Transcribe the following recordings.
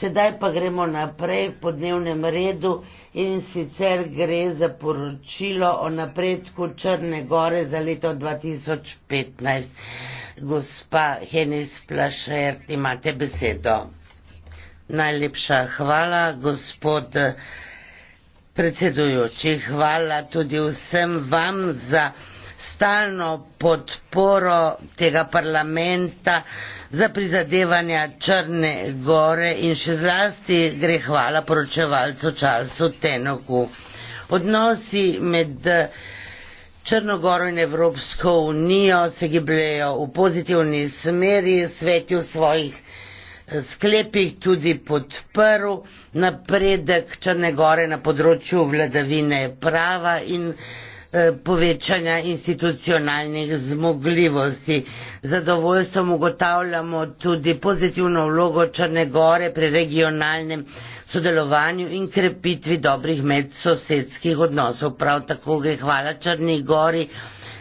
Sedaj pa gremo naprej po dnevnem redu in sicer gre za poročilo o napredku Črne Gore za leto 2015. Gospa Henis Plašer, imate besedo. Najlepša hvala, gospod predsedujoči. Hvala tudi vsem vam za stalno podporo tega parlamenta za prizadevanja Črne gore in še zlasti gre hvala poročevalcu Charlesu Tenoku. Odnosi med Črnogoro in Evropsko unijo se gibljajo v pozitivni smeri, svet je v svojih eh, sklepih tudi podprl napredek Črne gore na področju vladavine prava in Eh, povečanja institucionalnih zmogljivosti. Zadovoljstvom ugotavljamo tudi pozitivno vlogo Črne Gore pri regionalnem sodelovanju in krepitvi dobrih medsosedskih odnosov. Prav tako gre hvala Črni Gori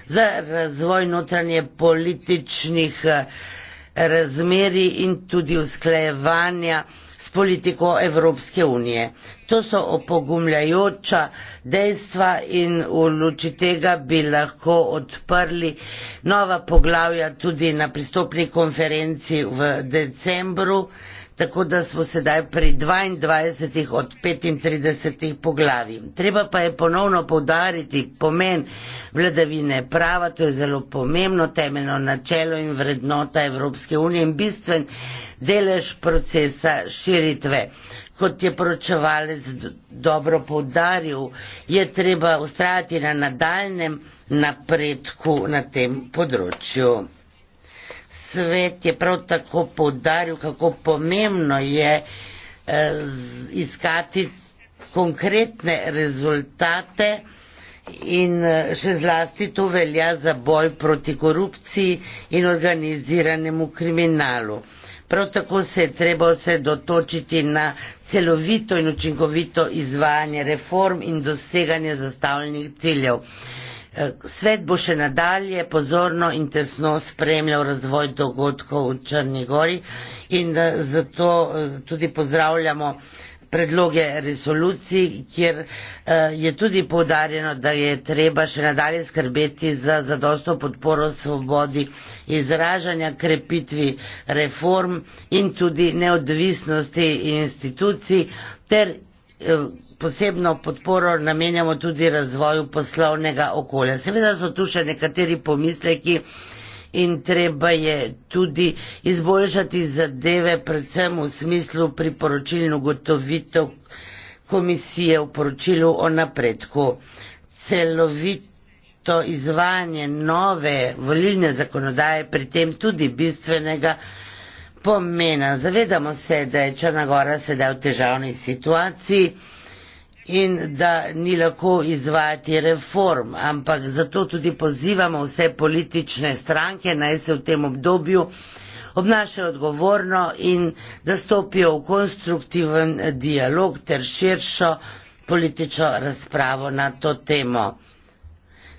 za razvoj notranje političnih eh, razmeri in tudi usklejevanja s politiko Evropske unije. To so opogumljajoča dejstva in v luči tega bi lahko odprli nova poglavja tudi na pristopni konferenci v decembru, tako da smo sedaj pri 22 od 35 poglavij. Treba pa je ponovno povdariti pomen vladavine prava, to je zelo pomembno temeljno načelo in vrednota Evropske unije in bistven delež procesa širitve kot je poročevalec dobro povdaril, je treba ustrajati na nadaljnem napredku na tem področju. Svet je prav tako povdaril, kako pomembno je eh, iskati konkretne rezultate in eh, še zlasti to velja za boj proti korupciji in organiziranemu kriminalu. Prav tako se je treba osredotočiti na celovito in učinkovito izvajanje reform in doseganje zastavljenih ciljev. Eh, svet bo še nadalje pozorno in tesno spremljal razvoj dogodkov v Črni gori in eh, zato eh, tudi pozdravljamo predloge resolucij, kjer eh, je tudi povdarjeno, da je treba še nadalje skrbeti za zadosto podporo svobodi izražanja, krepitvi reform in tudi neodvisnosti institucij ter eh, posebno podporo namenjamo tudi razvoju poslovnega okolja. Seveda so tu še nekateri pomisleki, ki in treba je tudi izboljšati zadeve, predvsem v smislu priporočilno gotovitev komisije v poročilu o napredku. Celovito izvajanje nove volilne zakonodaje pri tem tudi bistvenega pomena. Zavedamo se, da je Črna Gora sedaj v težavni situaciji in da ni lahko izvajati reform, ampak zato tudi pozivamo vse politične stranke naj se v tem obdobju obnašajo odgovorno in da stopijo v konstruktiven dialog ter širšo politično razpravo na to temo.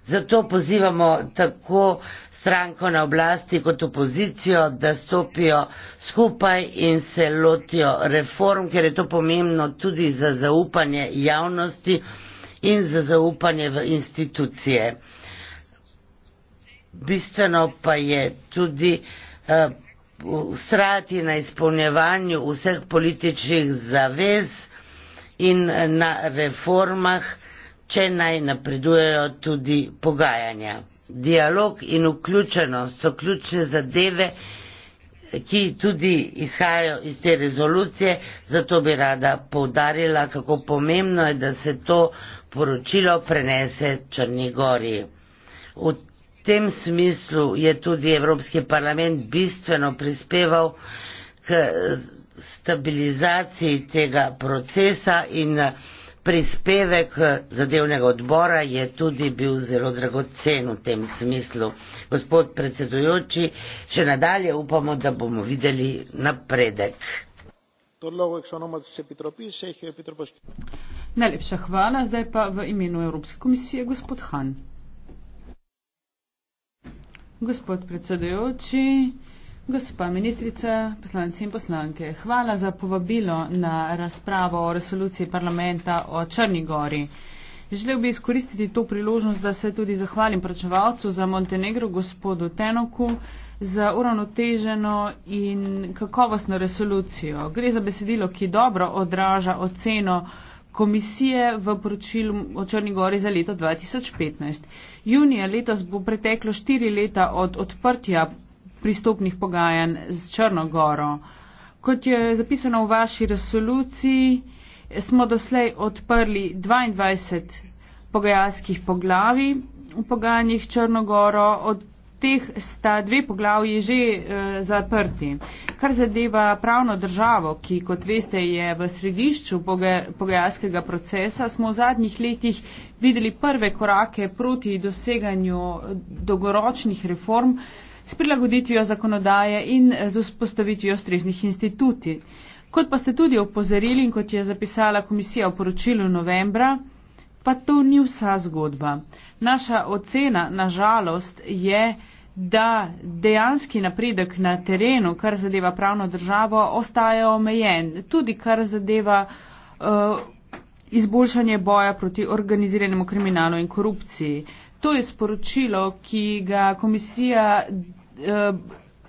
Zato pozivamo tako stranko na oblasti kot opozicijo, da stopijo skupaj in se lotijo reform, ker je to pomembno tudi za zaupanje javnosti in za zaupanje v institucije. Bistveno pa je tudi ustrati eh, uh, na izpolnjevanju vseh političnih zavez in eh, na reformah, če naj napredujejo tudi pogajanja dialog in vključenost so ključne zadeve, ki tudi izhajajo iz te rezolucije. Zato bi rada povdarila, kako pomembno je, da se to poročilo prenese Črnigori. V tem smislu je tudi Evropski parlament bistveno prispeval k stabilizaciji tega procesa in prispevek eh, zadevnega odbora je tudi bil zelo dragocen v tem smislu. Gospod predsedujoči, še nadalje upamo, da bomo videli napredek. Najlepša hvala, zdaj pa v imenu Evropske komisije gospod Han. Gospod predsedujoči, Gospa ministrica, poslanci in poslanke, hvala za povabilo na razpravo o resoluciji parlamenta o Črni gori. Želel bi izkoristiti to priložnost, da se tudi zahvalim pračevalcu za Montenegro, gospodu Tenoku, za uravnoteženo in kakovostno resolucijo. Gre za besedilo, ki dobro odraža oceno komisije v poročilu o Črni gori za leto 2015. Junija letos bo preteklo štiri leta od odprtja pristopnih pogajanj z Črnogoro. Kot je zapisano v vaši resoluciji, smo doslej odprli 22 pogajalskih poglavi v pogajanjih s Črnogoro, od teh sta dve poglavi že e, zaprti. Kar zadeva pravno državo, ki, kot veste, je v središču pogajalskega procesa, smo v zadnjih letih videli prve korake proti doseganju eh, dolgoročnih reform, s prilagoditvijo zakonodaje in z vzpostavitvijo ustreznih instituti. Kot pa ste tudi opozorili in kot je zapisala komisija v poročilu novembra, pa to ni vsa zgodba. Naša ocena, nažalost, je, da dejanski napredek na terenu, kar zadeva pravno državo, ostaja omejen. Tudi kar zadeva uh, izboljšanje boja proti organiziranemu kriminalu in korupciji. Uh, to je sporočilo, ki ga komisija eh,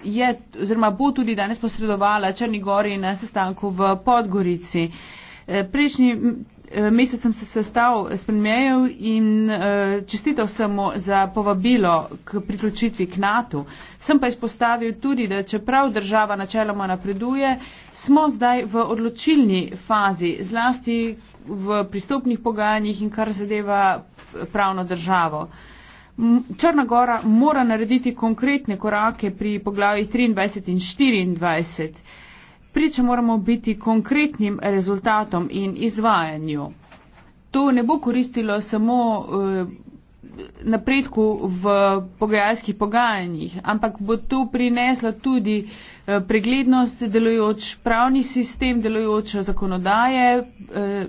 je oziroma bo tudi danes posredovala Črni Gori na sestanku v Podgorici. Eh, prejšnji eh, mesec sem se sestal s premijejem in čestital sem mu za povabilo k priključitvi k NATO. Sem pa izpostavil tudi, da čeprav država načeloma napreduje, smo zdaj v odločilni fazi, zlasti v pristopnih pogajanjih in kar zadeva pravno državo. Črna Gora mora narediti konkretne korake pri poglavi 23 in 24. Priče moramo biti konkretnim rezultatom in izvajanju. To ne bo koristilo samo eh, napredku v pogajalskih pogajanjih, ampak bo to prineslo tudi eh, preglednost delujoč pravni sistem, delujoč zakonodaje. Eh,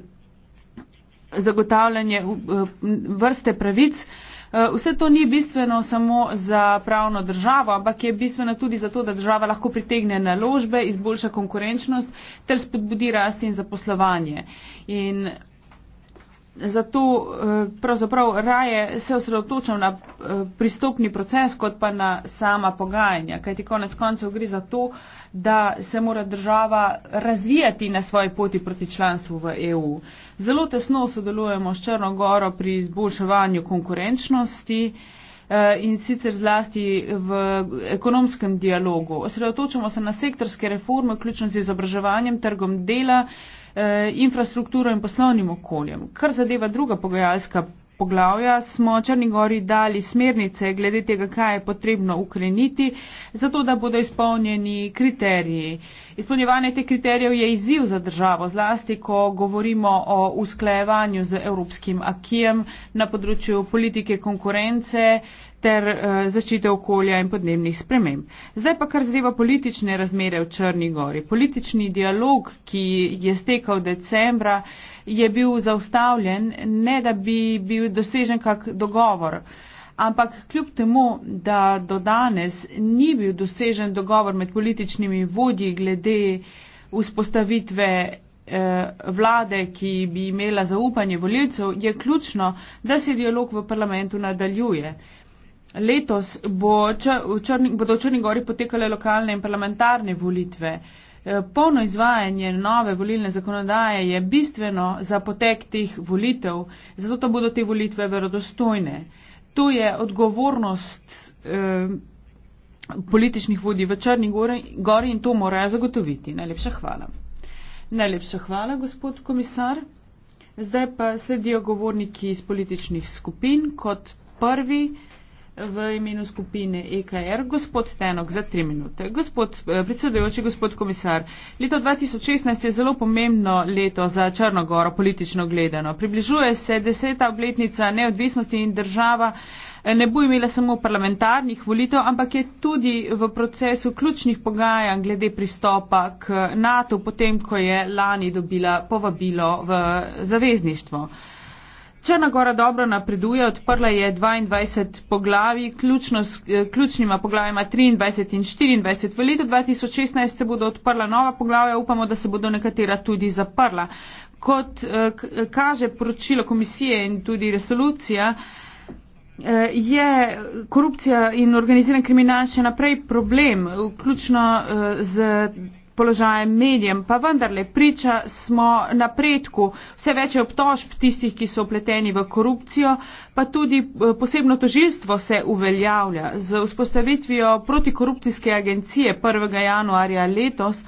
zagotavljanje uh, vrste pravic. Uh, vse to ni bistveno samo za pravno državo, ampak je bistveno tudi zato, da država lahko pritegne naložbe, izboljša konkurenčnost ter spodbudi rast in zaposlovanje. In zato eh, pravzaprav raje se osredotočam na eh, pristopni proces, kot pa na sama pogajanja, kajti konec koncev gre za to, da se mora država razvijati na svoji poti proti članstvu v EU. Zelo tesno sodelujemo s Črnogoro pri izboljševanju konkurenčnosti eh, in sicer zlasti v ekonomskem dialogu. Osredotočamo se na sektorske reforme, vključno z izobraževanjem, trgom dela, Eh, infrastrukturo in poslovnim okoljem. Kar zadeva druga pogajalska poglavja, smo Črnigori dali smernice glede tega, kaj je potrebno ukreniti, zato da bodo izpolnjeni kriteriji. Izpolnjevanje teh kriterijev je izziv za državo, zlasti ko govorimo o usklajevanju z evropskim akijem na področju politike konkurence, eh, ter uh, zaščite okolja in podnebnih sprememb. Zdaj pa kar zadeva politične razmere v Črni gori. Politični dialog, ki je stekal decembra, je bil zaustavljen, ne da bi bil dosežen kak dogovor. Ampak kljub temu, da do danes ni bil dosežen dogovor med političnimi vodji glede vzpostavitve eh, vlade, ki bi imela zaupanje voljivcev, je ključno, da se dialog v parlamentu nadaljuje. Letos bo v Črni, bodo v Črni Gori potekale lokalne in parlamentarne volitve. E, polno izvajanje nove volilne zakonodaje je bistveno za potek teh volitev, zato da bodo te volitve verodostojne. To je odgovornost eh, političnih vodij v Črni gori, gori in to morajo zagotoviti. Najlepša hvala. Najlepša hvala, gospod komisar. Zdaj pa sledijo govorniki iz političnih skupin kot prvi v imenu skupine EKR, gospod Tenok, za tri minute. Gospod eh, predsedujoči, gospod komisar, leto 2016 je zelo pomembno leto za Črnogoro politično gledano. Približuje se deseta obletnica neodvisnosti in država eh, ne bo imela samo parlamentarnih volitev, ampak je tudi v procesu ključnih pogajanj glede pristopa k NATO, potem ko je lani dobila povabilo v zavezništvo. Črnagora dobro napreduje, odprla je 22 poglavi, ključno, eh, ključnima poglavima 23 in 24. V letu 2016 se bodo odprla nova poglavja, upamo, da se bodo nekatera tudi zaprla. Kot eh, eh, kaže poročilo komisije in tudi resolucija, je korupcija in organiziran kriminal še naprej problem, ključno z položajem medijem, pa vendarle priča smo napredku. Vse več je obtožb tistih, ki so upleteni v korupcijo, pa tudi eh, posebno tožilstvo se uveljavlja. Z vzpostavitvijo protikorupcijske agencije 1. januarja letos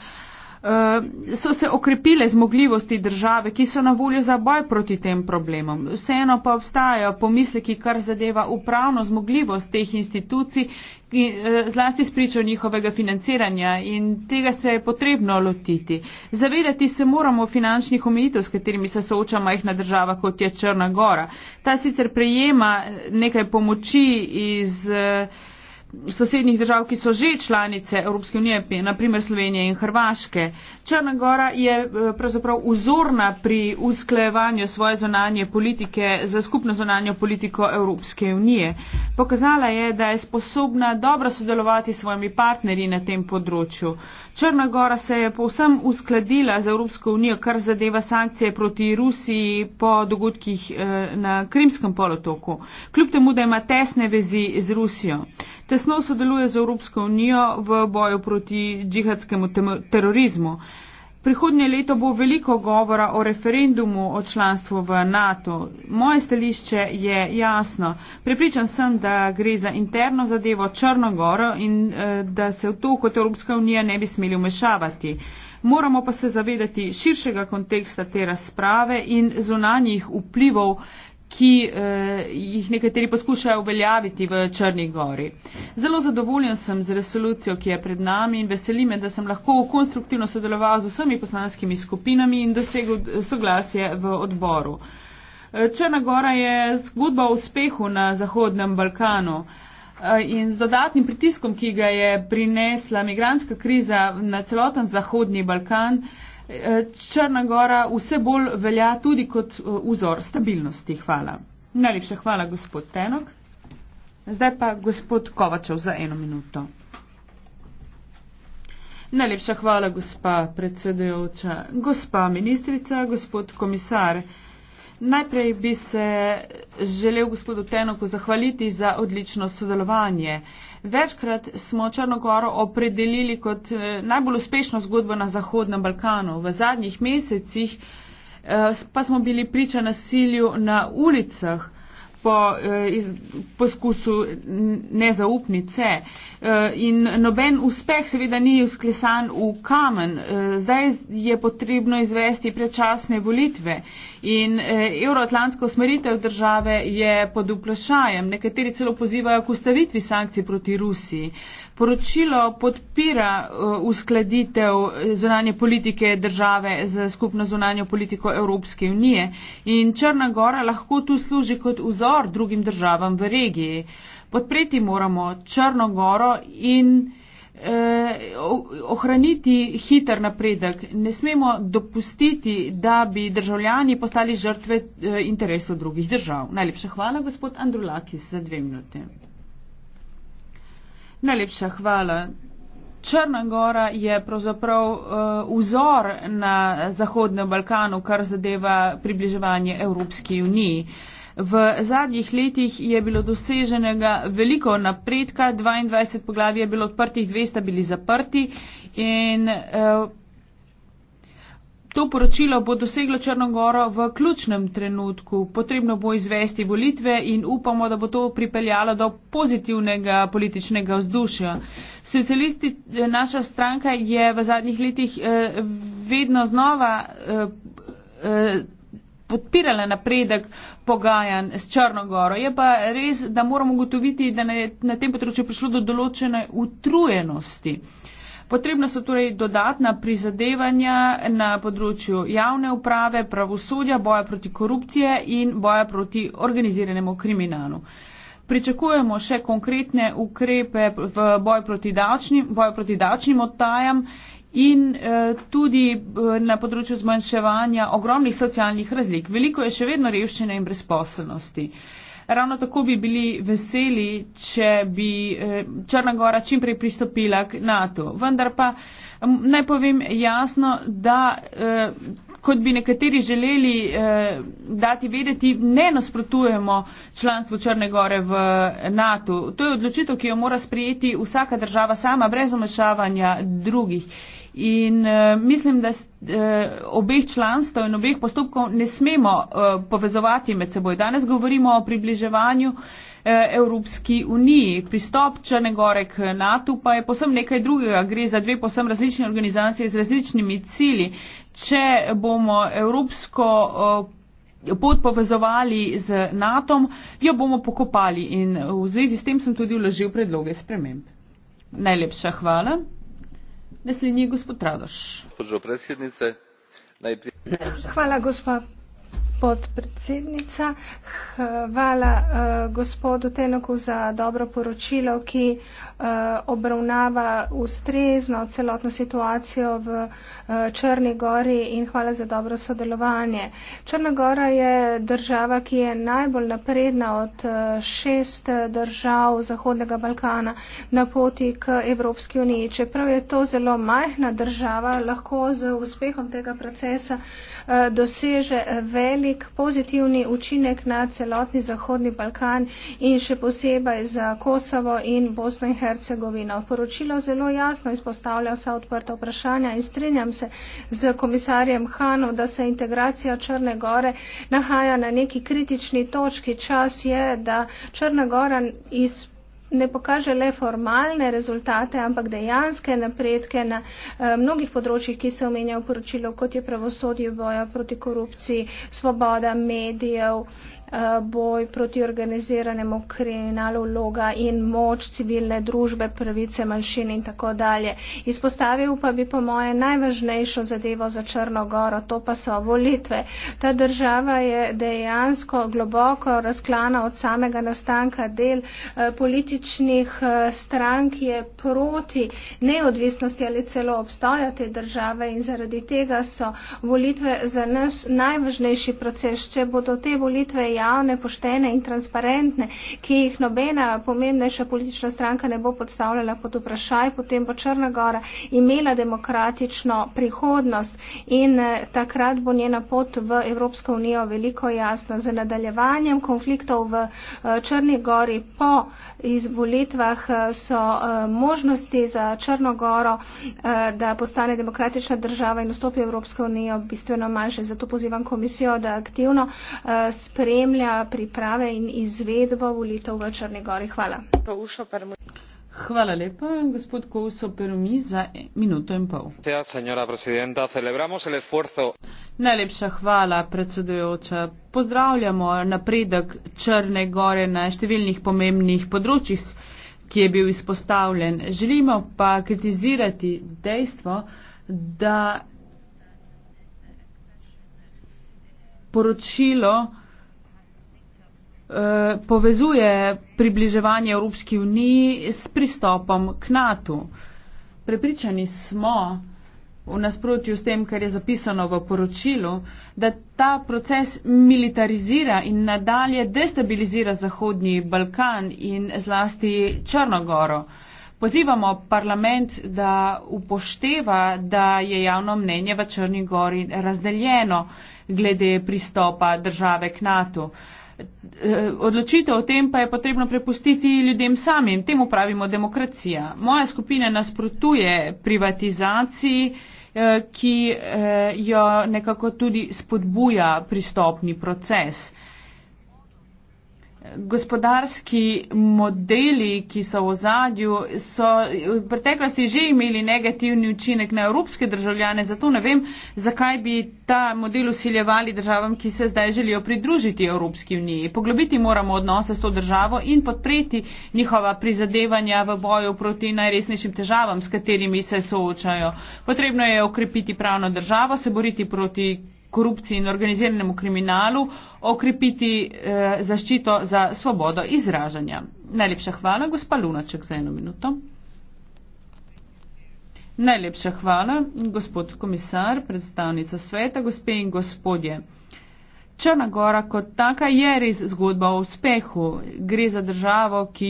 Eh, so se okrepile zmogljivosti države, ki so na voljo za boj proti tem problemom. Vseeno pa obstajajo pomisleki, kar zadeva upravno zmogljivost teh institucij, eh, zlasti spričo njihovega financiranja in tega se je potrebno lotiti. Zavedati se moramo finančnih omejitev, s katerimi se sooča majhna država, kot je Črna Gora. Ta sicer prejema eh, nekaj pomoči iz. Uh, sosednjih držav, ki so že članice Evropske unije, naprimer Slovenije in Hrvaške. Črnagora je eh, pravzaprav uzorna pri usklejevanju svoje zonanje politike za skupno zonanjo politiko Evropske unije. Pokazala je, da je sposobna dobro sodelovati s svojimi partnerji na tem področju. Črnagora se je povsem uskladila z Evropsko unijo, kar zadeva sankcije proti Rusiji po dogodkih eh, na Krimskem polotoku, kljub temu, da ima tesne vezi z Rusijo tesno sodeluje z Evropsko unijo v boju proti džihadskemu terorizmu. Prihodnje leto bo veliko govora o referendumu o članstvu v NATO. Moje stališče je jasno. Prepričan sem, da gre za interno zadevo Črnogoro in eh, da se v to kot Evropska unija ne bi smeli umešavati. Moramo pa se zavedati širšega konteksta te razprave in zunanjih vplivov, ki eh, jih nekateri poskušajo uveljaviti v Črni gori. Zelo zadovoljen sem z resolucijo, ki je pred nami in veseli me, da sem lahko konstruktivno sodeloval z vsemi poslanskimi skupinami in dosegel soglasje v odboru. Eh, Črna gora je zgodba o uspehu na Zahodnem Balkanu eh, in z dodatnim pritiskom, ki ga je prinesla migranska kriza na celoten Zahodni Balkan, eh, Eh, Črna Gora vse bolj velja tudi kot eh, vzor stabilnosti. Hvala. Najlepša hvala, gospod Tenok. Zdaj pa gospod Kovačev za eno minuto. Najlepša hvala, gospa predsedujoča, gospa ministrica, gospod komisar. Najprej bi se želel gospodu Tenoku zahvaliti za odlično sodelovanje. Večkrat smo Črnogoro opredelili kot eh, najbolj uspešno zgodbo na Zahodnem Balkanu. V zadnjih mesecih eh, pa smo bili priča nasilju na ulicah po eh, iz, poskusu nezaupnice. Eh, in noben uspeh seveda ni usklesan v kamen. Eh, zdaj je potrebno izvesti predčasne volitve in euroatlantsko usmeritev države je pod vprašanjem. Nekateri celo pozivajo k ustavitvi sankcij proti Rusiji poročilo podpira eh, uskladitev zunanje politike države z skupno zunanjo politiko Evropske unije in Črna Gora lahko tu služi kot vzor drugim državam v regiji. Podpreti moramo Črno Goro in eh, ohraniti hiter napredek. Ne smemo dopustiti, da bi državljani postali žrtve eh, interesov drugih držav. Najlepša hvala, gospod Andrulakis, za dve minute. Najlepša hvala. Črna gora je pravzaprav uh, vzor na Zahodnem Balkanu, kar zadeva približevanje Evropski uniji. V zadnjih letih je bilo doseženega veliko napredka, 22 poglavij je bilo odprtih, 200 bili zaprti in uh, To poročilo bo doseglo Črnogoro v ključnem trenutku. Potrebno bo izvesti volitve in upamo, da bo to pripeljalo do pozitivnega političnega vzdušja. Socialisti, eh, naša stranka je v zadnjih letih eh, vedno znova eh, eh, podpirala napredek pogajanj s Črnogoro. Je pa res, da moramo ugotoviti, da je na tem področju prišlo do določene utrujenosti. Potrebna so torej dodatna prizadevanja na področju javne uprave, pravosodja, boja proti korupcije in boja proti organiziranemu kriminalu. Pričakujemo še konkretne ukrepe v boju proti, boj proti davčnim odtajam in eh, tudi eh, na področju zmanjševanja ogromnih socialnih razlik. Veliko je še vedno revščine in brezposobnosti. Ravno tako bi bili veseli, če bi eh, Črna Gora čimprej pristopila k NATO. Vendar pa naj povem jasno, da eh, kot bi nekateri želeli eh, dati vedeti, ne nasprotujemo članstvu Črne Gore v NATO. To je odločitev, ki jo mora sprijeti vsaka država sama, brez omešavanja drugih. In uh, mislim, da uh, obeh članstv in obeh postopkov ne smemo uh, povezovati med seboj. Danes govorimo o približevanju uh, Evropski uniji. Pristop Črne Gore k NATO pa je posebno nekaj drugega. Gre za dve posebno različne organizacije z različnimi cilji. Če bomo evropsko. Uh, pot povezovali z NATO, jo bomo pokopali in v zvezi s tem sem tudi vložil predloge sprememb. Najlepša hvala hvala gospa predsednica za besedo podpredsednica. Hvala uh, gospodu Tenoku za dobro poročilo, ki uh, obravnava ustrezno celotno situacijo v uh, Črni gori in hvala za dobro sodelovanje. Črna gora je država, ki je najbolj napredna od uh, šest držav Zahodnega Balkana na poti k Evropski uniji. Čeprav je to zelo majhna država, lahko z uspehom tega procesa uh, Eh, doseže eh, velik pozitivni učinek na celotni Zahodni Balkan in še posebej za Kosovo in Bosno in Hercegovino. Poročilo zelo jasno izpostavlja vsa odprta vprašanja in strinjam se z komisarjem Hanu, da se integracija Črne Gore nahaja na neki kritični točki. Čas je, da Črna Gora izpostavlja ne pokaže le formalne rezultate, ampak dejanske napredke na eh, mnogih področjih, ki se omenja v poročilu, kot je pravosodje boja proti korupciji, svoboda medijev, Eh, boj proti organiziranemu kriminalu loga in moč civilne družbe, pravice manjšin in tako dalje. Izpostavil pa bi po moje najvažnejšo zadevo za Črno goro, to pa so volitve. Ta država je dejansko globoko razklana od samega nastanka del eh, političnih eh, strank, je proti neodvisnosti ali celo obstoja te države in zaradi tega so volitve za nas najvažnejši proces. Če bodo te volitve javne, javne, poštene in transparentne, ki jih nobena pomembnejša politična stranka ne bo podstavljala pod vprašaj, potem bo Črna Gora imela demokratično prihodnost in eh, takrat bo njena pot v Evropsko unijo veliko jasna. Z nadaljevanjem konfliktov v eh, Črni Gori po izvolitvah eh, so možnosti za Črno Goro, da postane demokratična država in vstopi v Evropsko unijo bistveno manjše. Zato pozivam komisijo, da aktivno spremlja spremlja priprave in izvedbo volitev v Črni Gori. Hvala. Hvala lepa, gospod Kouso Perumi, za minuto in pol. Najlepša hvala, predsedujoča. Pozdravljamo napredek Črne Gore na številnih pomembnih področjih, ki je bil izpostavljen. Želimo pa kritizirati dejstvo, da poročilo Eh, povezuje približevanje Evropski uniji s pristopom k NATO. Prepričani smo, v nasprotju s tem, kar je zapisano v poročilu, da ta proces militarizira in nadalje destabilizira Zahodnji Balkan in zlasti Črnogoro. Pozivamo parlament, da upošteva, da je javno mnenje v Črni Gori razdeljeno glede pristopa države k NATO. Eh, odločitev o tem pa je potrebno prepustiti ljudem samim. Temu pravimo demokracija. Moja skupina nasprotuje privatizaciji, eh, ki eh, jo nekako tudi spodbuja pristopni proces gospodarski modeli, ki so v zadju, so v preteklosti že imeli negativni učinek na evropske državljane, zato ne vem, zakaj bi ta model usiljevali državam, ki se zdaj želijo pridružiti Evropski uniji. Poglobiti moramo odnose s to državo in podpreti njihova prizadevanja v boju proti najresnejšim težavam, s katerimi se soočajo. Potrebno je okrepiti pravno državo, se boriti proti korupciji in organiziranemu kriminalu okrepiti eh, zaščito za svobodo izražanja. Najlepša hvala, gospa Lunaček, za eno minuto. Najlepša hvala, gospod komisar, predstavnica sveta, gospe in gospodje. Črna gora kot taka je res zgodba o uspehu. Gre za državo, ki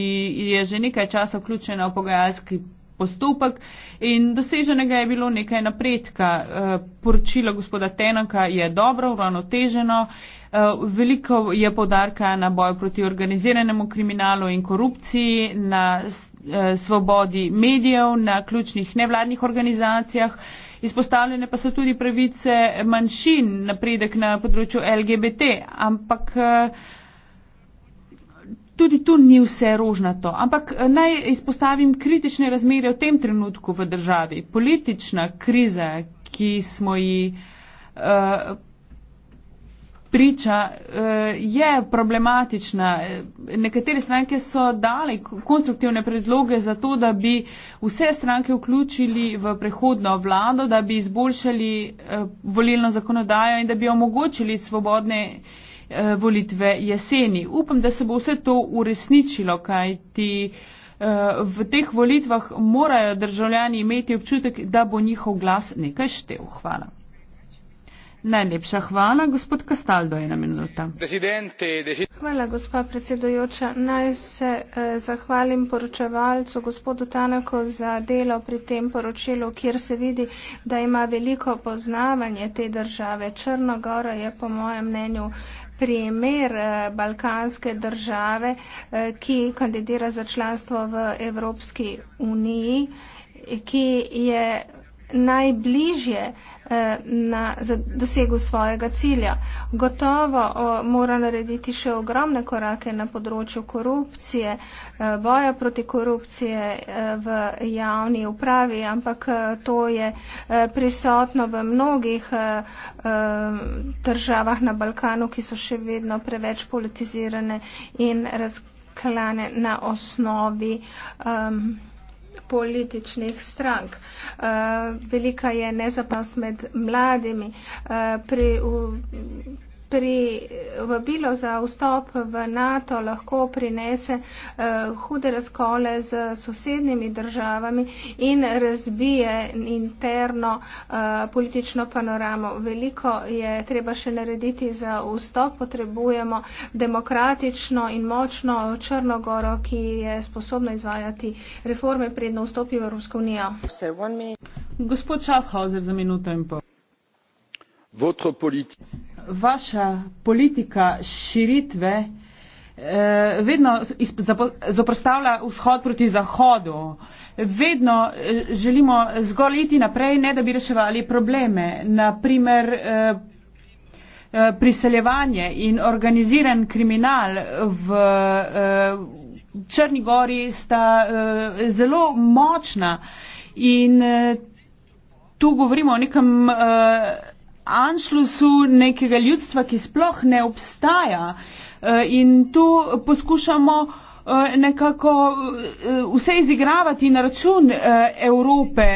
je že nekaj časa vključena v pogajalski postopek in doseženega je bilo nekaj napredka. Eh, poročilo gospoda Tenaka je dobro, uravnoteženo, eh, veliko je podarka na boju proti organiziranemu kriminalu in korupciji, na eh, svobodi medijev, na ključnih nevladnih organizacijah. Izpostavljene pa so tudi pravice manjšin, napredek na področju LGBT, ampak uh, tudi tu ni vse rožnato, ampak eh, naj izpostavim kritične razmere v tem trenutku v državi. Politična kriza, ki smo ji uh, priča, uh, je problematična. Nekatere stranke so dali konstruktivne predloge za to, da bi vse stranke vključili v prehodno vlado, da bi izboljšali uh, volilno zakonodajo in da bi omogočili svobodne. Eh, volitve jeseni. Upam, da se bo vse to uresničilo, kajti eh, v teh volitvah morajo državljani imeti občutek, da bo njihov glas nekaj štev. Hvala. Najlepša hvala, gospod Kastaldo, ena minuta. Hvala, gospa predsedujoča. Naj se eh, zahvalim poročevalcu, gospodu Tanako, za delo pri tem poročilu, kjer se vidi, da ima veliko poznavanje te države. Črnogora je, po mojem mnenju, eh, primer eh, balkanske države, eh, ki kandidira za članstvo v Evropski uniji, ki je najbližje Eh, na, za dosegu svojega cilja. Gotovo o, mora narediti še ogromne korake na področju korupcije, eh, boja proti korupcije eh, v javni upravi, ampak to je prisotno v mnogih državah na Balkanu, ki so še vedno preveč politizirane in razklane na osnovi. Um, političnih strank. Eh, velika je nezapnost med mladimi. Eh, pri, v, pri vabilo za vstop v NATO lahko prinese uh, hude razkole z sosednjimi državami in razbije interno uh, politično panoramo. Veliko je treba še narediti za vstop. Potrebujemo demokratično in močno Črnogoro, ki je sposobna izvajati reforme predno vstopi v Evropsko unijo. Gospod Schaffhauser za minuto in pol vaša politika širitve eh, vedno zoprostavlja vzhod proti zahodu. Vedno eh, želimo zgolj iti naprej, ne da bi reševali probleme. Naprimer, eh, priseljevanje in organiziran kriminal v Črni gori sta zelo močna in tu govorimo o nekem anšlusu nekega ljudstva, ki sploh ne obstaja. Eh, in tu poskušamo eh, nekako eh, vse izigravati na račun Evrope,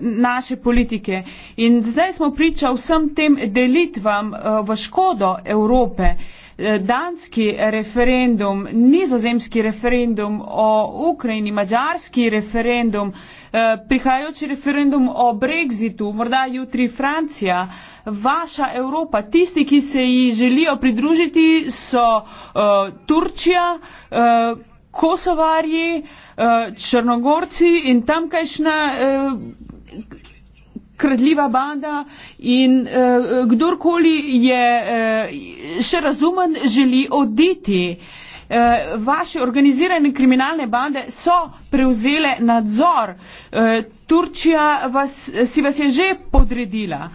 naše politike. In zdaj smo priča vsem tem delitvam v škodo Evrope. Eh, danski referendum, nizozemski referendum o Ukrajini, mađarski referendum, eh, prihajajoči referendum o Brexitu, morda jutri Francija, vaša Evropa, tisti, ki se ji želijo pridružiti, so uh, Turčija, uh, Kosovarji, uh, Črnogorci in tamkajšnja. Uh, kradljiva banda in eh, kdorkoli je eh, še razumen, želi oditi. Eh, vaše organizirane kriminalne bande so prevzele nadzor. Eh, Turčija vas, si vas je že podredila,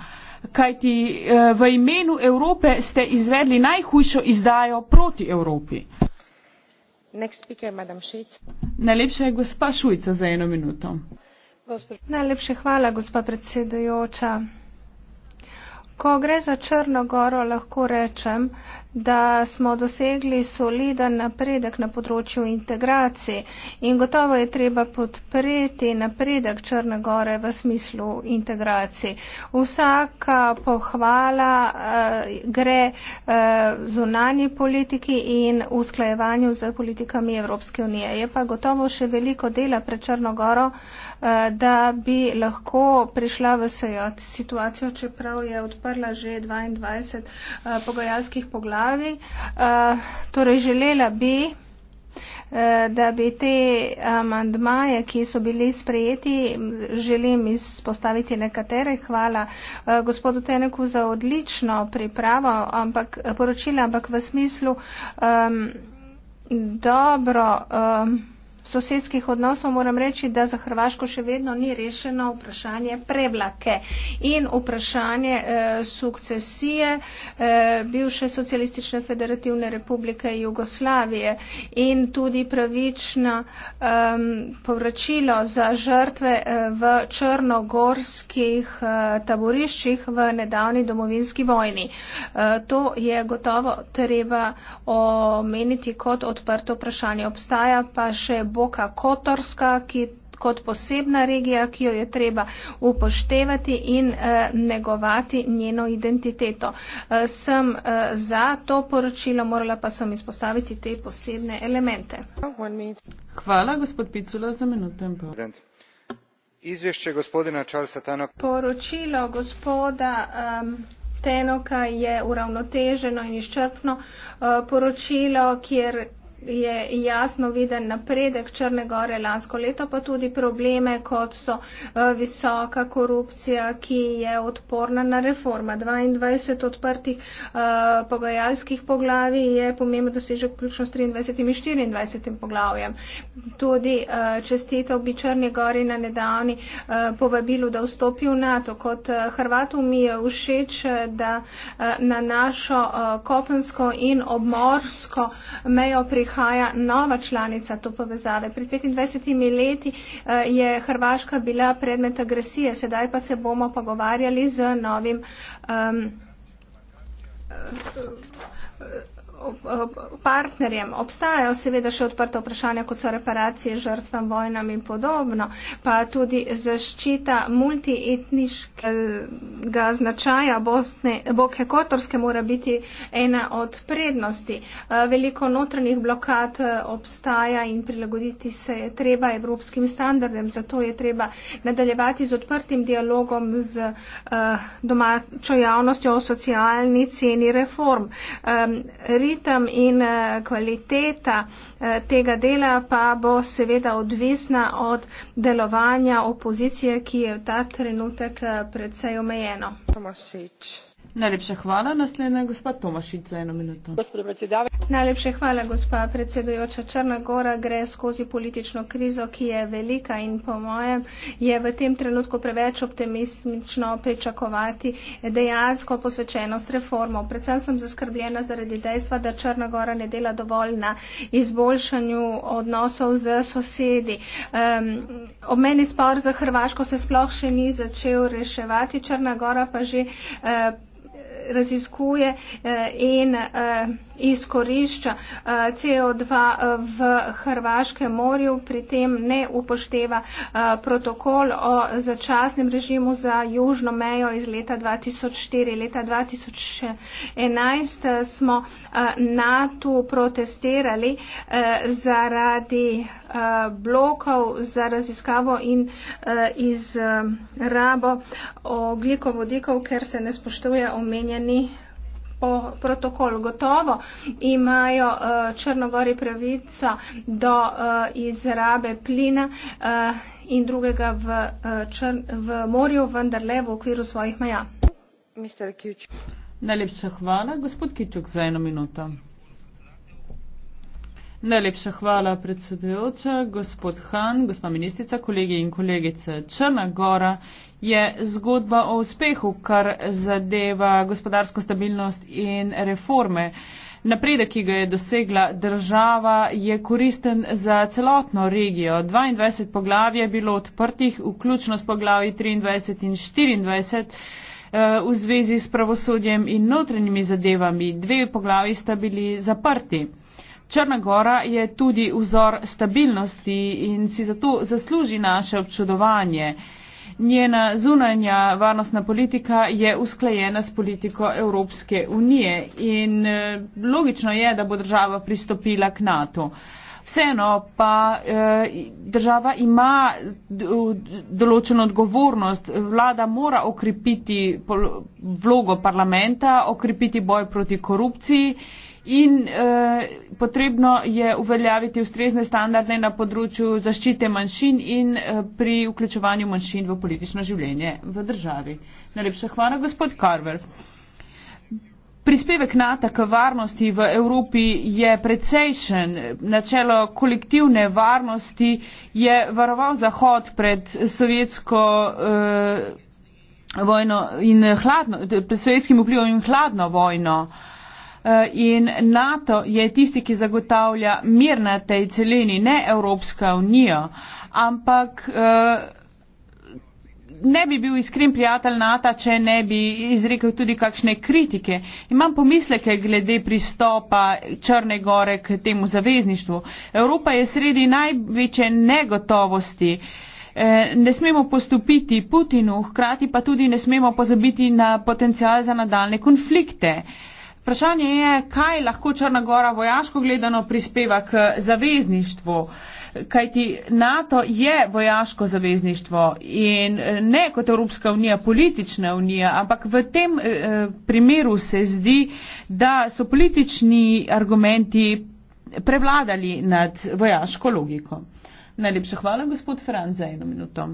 kajti eh, v imenu Evrope ste izvedli najhujšo izdajo proti Evropi. Speaker, Najlepša je gospa Šujca za eno minuto. Najlepša hvala, gospa predsedujoča. Ko gre za Črno goro, lahko rečem, da smo dosegli soliden napredek na področju integracij in gotovo je treba podpreti napredek Črne gore v smislu integracij. Vsaka pohvala eh, gre eh, zunanji politiki in usklajevanju z politikami Evropske unije. Je pa gotovo še veliko dela pred Črno goro. Eh, Eh, da bi lahko prišla v sejo situacijo, čeprav je odprla že 22 eh, pogajalskih poglavij. Eh, torej želela bi, da bi te amandmaje, ki so bili sprejeti, želim izpostaviti nekatere. Hvala gospodu Teneku za odlično pripravo ampak, poročila, ampak v smislu um, dobro. Um, sosedskih odnosov moram reči, da za Hrvaško še vedno ni rešeno vprašanje preblake in vprašanje eh, sukcesije eh, bivše socialistične federativne republike Jugoslavije in tudi pravično eh, povračilo za žrtve eh, v črnogorskih eh, taboriščih v nedavni domovinski vojni. Eh, to je gotovo treba omeniti kot odprto vprašanje. Obstaja pa še bolj Boka Kotorska, ki kot posebna regija, ki jo je treba upoštevati in eh, negovati njeno identiteto. Eh, sem eh, za to poročilo, morala pa sem izpostaviti te posebne elemente. Hvala, gospod Picula, za minuto in pol. Izvješče gospodina Charlesa Tanoka. Poročilo gospoda um, Tenoka je uravnoteženo in izčrpno uh, poročilo, kjer je jasno viden napredek Črne gore lansko leto, pa tudi probleme, kot so eh, visoka korupcija, ki je odporna na reforma. 22 odprtih eh, pogajalskih poglavij je pomembno dosežek vključno s 23 in 24 poglavjem. Tudi eh, čestitev bi Črne gori na nedavni povabilu, da vstopi v NATO. Kot Hrvatu mi je všeč, da na našo kopensko in obmorsko mejo prihajajo prihaja nova članica to povezave. Pred 25 leti eh, je Hrvaška bila predmet agresije, sedaj pa se bomo pogovarjali z novim. Um, partnerjem. Obstajajo seveda še odprta vprašanja, kot so reparacije žrtvam, vojnam in podobno, pa tudi zaščita multietniškega značaja Bosne, Boke Kotorske mora biti ena od prednosti. Eh, veliko notranjih blokad eh, obstaja in prilagoditi se je treba evropskim standardem, zato je treba nadaljevati z odprtim dialogom z eh, domačo javnostjo o socialni ceni reform ritem in eh, kvaliteta eh, tega dela pa bo seveda odvisna od delovanja opozicije, ki je v ta trenutek eh, predvsej omejeno. Tomasič. Najlepša hvala. Naslednja je gospa Tomašić za eno minuto. Najlepša hvala, gospa predsedujoča. Črna Gora gre skozi politično krizo, ki je velika in po mojem je v tem trenutku preveč optimistično pričakovati dejansko posvečenost reformov. Predvsem sem zaskrbljena zaradi dejstva, da Črna Gora ne dela dovolj na izboljšanju odnosov z sosedi. Um, obmeni spor za Hrvaško se sploh še ni začel reševati, Črna Gora pa že uh, raziskuje eh, in eh, izkorišča eh, CO2 eh, v Hrvaškem morju, pri tem ne upošteva eh, protokol o začasnem režimu za južno mejo iz leta 2004. Leta 2011 smo NATO protestirali zaradi blokov za raziskavo in iz rabo oglikovodikov, ker se ne spoštuje omenjeni po protokol. Gotovo imajo eh, Črnogori pravico do eh, izrabe plina eh, in drugega v, čr, v morju, vendar le v okviru svojih meja. Najlepša hvala, gospod Kičuk, za eno minuto. Najlepša hvala, predsedujoča, gospod Han, gospa ministrica, kolegi in kolegice. Črna gora je zgodba o uspehu, kar zadeva gospodarsko stabilnost in reforme. Napredek, ki ga je dosegla država, je koristen za celotno regijo. 22 poglav je bilo odprtih, vključno s poglavji 23 in 24 eh, v zvezi s pravosodjem in notranjimi zadevami. Dve poglavi sta bili zaprti. Črna gora je tudi vzor stabilnosti in si zato zasluži naše občudovanje. Njena zunanja varnostna politika je usklajena s politiko Evropske unije in eh, logično je, da bo država pristopila k NATO. Vseeno pa eh, država ima določeno odgovornost, vlada mora okrepiti vlogo parlamenta, okrepiti boj proti korupciji in eh, potrebno je uveljaviti ustrezne standarde na področju zaščite manjšin in eh, pri vključevanju manjšin v politično življenje v državi. Najlepša hvala, gospod Karver. Prispevek NATO k varnosti v Evropi je precejšen. Načelo kolektivne varnosti je varoval Zahod pred sovjetsko eh, vojno in hladno, pred sovjetskim vplivom in hladno vojno. Eh, Eh, in NATO je tisti, ki zagotavlja mir na tej celini, ne Evropska unija, ampak eh, ne bi bil iskren prijatelj NATO, če ne bi izrekel tudi kakšne kritike. Imam pomisleke glede pristopa Črne gore k temu zavezništvu. Evropa je sredi največje negotovosti. Eh, ne smemo postupiti Putinu, hkrati pa tudi ne smemo pozabiti na potencial za nadaljne konflikte. Vprašanje je, kaj lahko Črnagora vojaško gledano prispeva k zavezništvu. Kaj ti NATO je vojaško zavezništvo in eh, ne kot Evropska unija, politična unija, ampak v tem eh, primeru se zdi, da so politični argumenti prevladali nad vojaško logiko. Najlepša hvala, gospod Franc, za eno minuto.